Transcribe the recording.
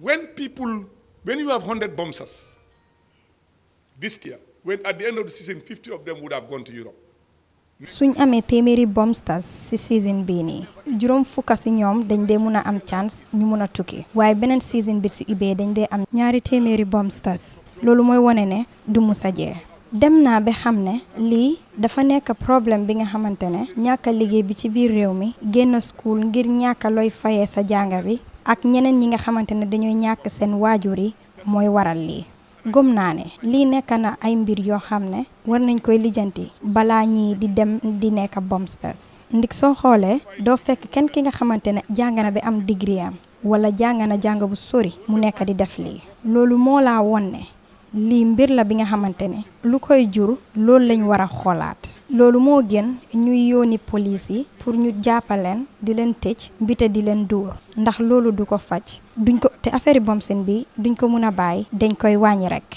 when people, when you have 100 bombsers this year, when at suñ amee téeméeri bombstars ci season bii nii juróom fukka ci ñoom dañ dee mun a am chance ñu mun a tukki waaye beneen season bi su ibee dañ dee am ñaari téeméeri bombstars loolu mooy wone ne du musa jeex dem naa ba xam ne lii dafa nekk problème bi nga xamante ne ñàkk liggéey bi ci biir réew mi génn school ngir ñàkk looy fayee sa jànga bi ak ñeneen ñi nga xamante ne dañooy ñàkk seen waajur yi mooy waral lii gëm naa ne lii nekk na ay mbir yoo xam ne war nañ koy lijjanti balaa ñii di dem di nekk bomsters ndik soo xoolee doo fekk kenn ki nga xamante ne jàng na bi am degree am wala jàng na jàng bu sori mu nekk di def lii loolu moo laa won ne Limbir mbir la bi nga xamantene lu koy jur loolu lañ wara xolaat xoolaat loolu moo gën ñuy yóoni police yi pour ñu jàppaleen di leen tëj mbite di leen ndax loolu du ko duñ ko te affaire bomsen bi duñ ko mun a dañ koy wàññi rek.